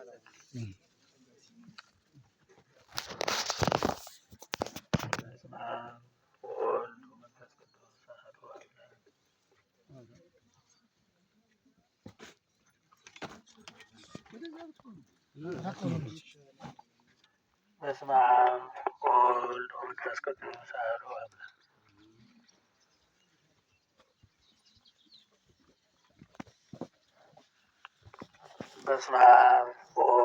በስመ አብ ወወልድ ወመንፈስ ቅዱስ አሐዱ አምላክ። በስመ አብ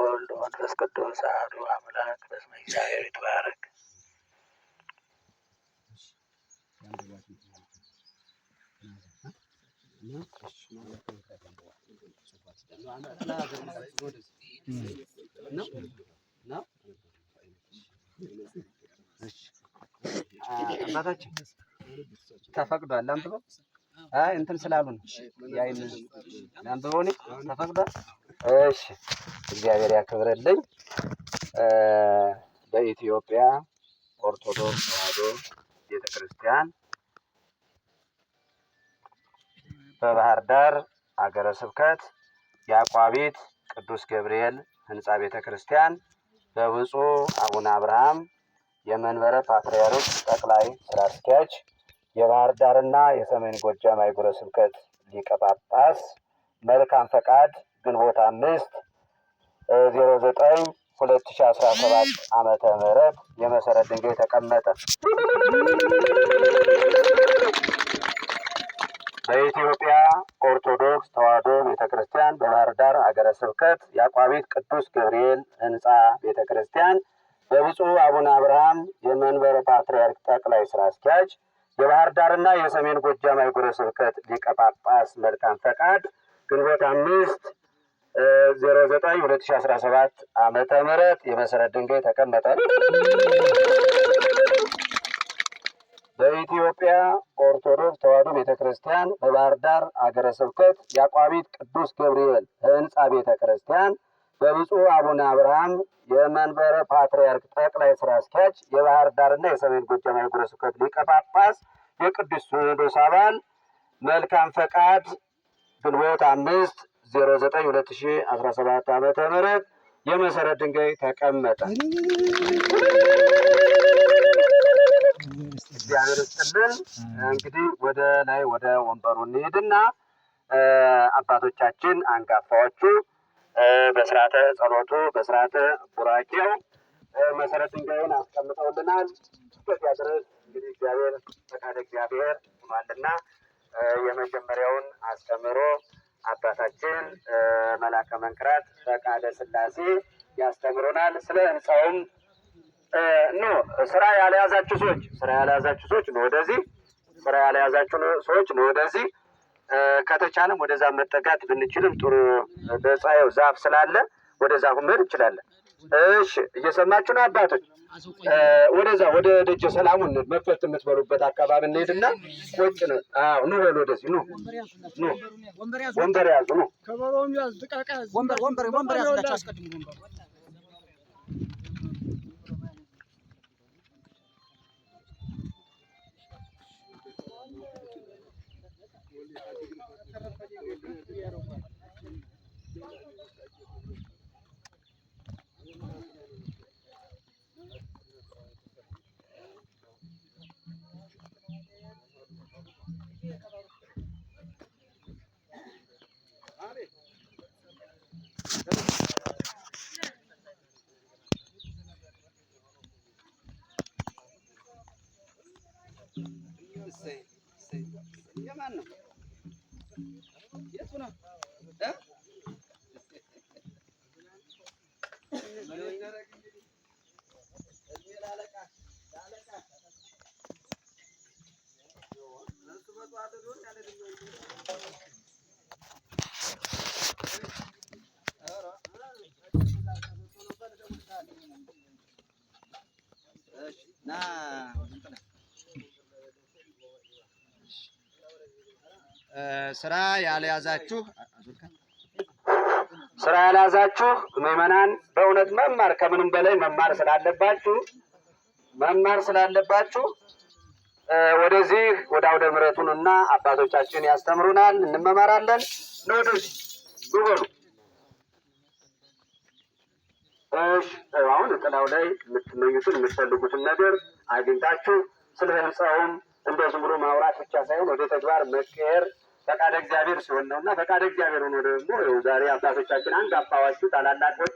ወወልድ መንፈስ ቅዱስ አሐዱ አምላክ በስመ እግዚአብሔር ይትባረክ። አባታችን ተፈቅዷል። አንብበው። እንትን ስላሉ ነው። ያ ተፈቅዷል እሺ እግዚአብሔር ያክብርልኝ። በኢትዮጵያ ኦርቶዶክስ ተዋሕዶ ቤተክርስቲያን በባህር ዳር አገረ ስብከት የአቋቢት ቅዱስ ገብርኤል ህንፃ ቤተ ክርስቲያን በብፁዕ አቡነ አብርሃም የመንበረ ፓትርያርክ ጠቅላይ ስራ አስኪያጅ የባህር ዳርና የሰሜን ጎጃም አህጉረ ስብከት ሊቀ ጳጳስ መልካም ፈቃድ ግንቦት አምስት ዜሮ ዘጠኝ ሁለት ሺ አስራ ሰባት ዓመተ ምህረት የመሰረት ድንጋይ ተቀመጠ። በኢትዮጵያ ኦርቶዶክስ ተዋሕዶ ቤተ ክርስቲያን በባህር ዳር ሀገረ ስብከት የአቋቢት ቅዱስ ገብርኤል ህንፃ ቤተ ክርስቲያን በብፁዕ አቡነ አብርሃም የመንበረ ፓትርያርክ ጠቅላይ ስራ አስኪያጅ የባህር ዳርና የሰሜን ጎጃም ሀገረ ስብከት ሊቀ ጳጳስ መልካም ፈቃድ ግንቦት አምስት 09 2017 ዓመተ ምህረት የመሰረት ድንጋይ ተቀመጠ። በኢትዮጵያ ኦርቶዶክስ ተዋሕዶ ቤተክርስቲያን በባህር ዳር አገረ ስብከት የአቋቢት ቅዱስ ገብርኤል ህንፃ ቤተክርስቲያን ክርስቲያን በብፁዕ አቡነ አብርሃም የመንበረ ፓትርያርክ ጠቅላይ ስራ አስኪያጅ የባህር ዳርና የሰሜን ጎጃም አገረ ስብከት ሊቀ ጳጳስ የቅዱስ ሲኖዶስ አባል መልካም ፈቃድ ግንቦት አምስት 09 2017 ዓ ም የመሰረት ድንጋይ ተቀመጠ። እግዚአብሔር ይስጥልን። እንግዲህ ወደ ላይ ወደ ወንበሩ እንሄድና አባቶቻችን አንጋፋዎቹ በስርዓተ ጸሎቱ በስርዓተ ቡራኬው መሰረት ድንጋዩን አስቀምጠውልናል። እስከዚያ ድረስ እንግዲህ እግዚአብሔር ፈቃደ እግዚአብሔር ሆኗልና የመጀመሪያውን አስተምሮ አባታችን መላከ መንክራት ፈቃደ ስላሴ ያስተምሩናል። ስለ ህንፃውም ኖ ስራ ያለያዛችሁ ሰዎች ስራ ያለያዛችሁ ሰዎች ነው ወደዚህ ስራ ያለያዛችሁ ሰዎች ነው ወደዚህ ከተቻለም ወደዛ መጠጋት ብንችልም ጥሩ በፀሐዩ ዛፍ ስላለ ወደዛ ሁመድ እንችላለን። እሺ እየሰማችሁ ነው አባቶች። ወደዛ ወደ ደጀ ሰላሙን መክፈት የምትበሉበት አካባቢ እንሄድና ቁጭ ነው። አዎ ኑ በሉ ወደዚህ ኑ ኑ። ወንበር ያዙ ኑ ከበሮም ያዙ፣ ጥቃቃ ወንበር ወንበር ወንበር ያዙ። የማን ነው? የቱ ነው? ስራ ያልያዛችሁ ስራ ያልያዛችሁ ምዕመናን በእውነት መማር ከምንም በላይ መማር ስላለባችሁ መማር ስላለባችሁ ወደዚህ ወደ አውደ ምሕረቱን እና አባቶቻችን ያስተምሩናል፣ እንመማራለን። ኖዶች ይበሉ። እሽ አሁን ጥላው ላይ የምትመኙትን የምትፈልጉትን ነገር አግኝታችሁ ስለ ህንፃውም እንደ ዝም ብሎ ማውራት ብቻ ሳይሆን ወደ ተግባር መቀየር ፈቃደ እግዚአብሔር ሲሆን ነው እና ፈቃደ እግዚአብሔር ሆኖ ደግሞ ዛሬ አባቶቻችን አንጋፋዎቹ ታላላቆቹ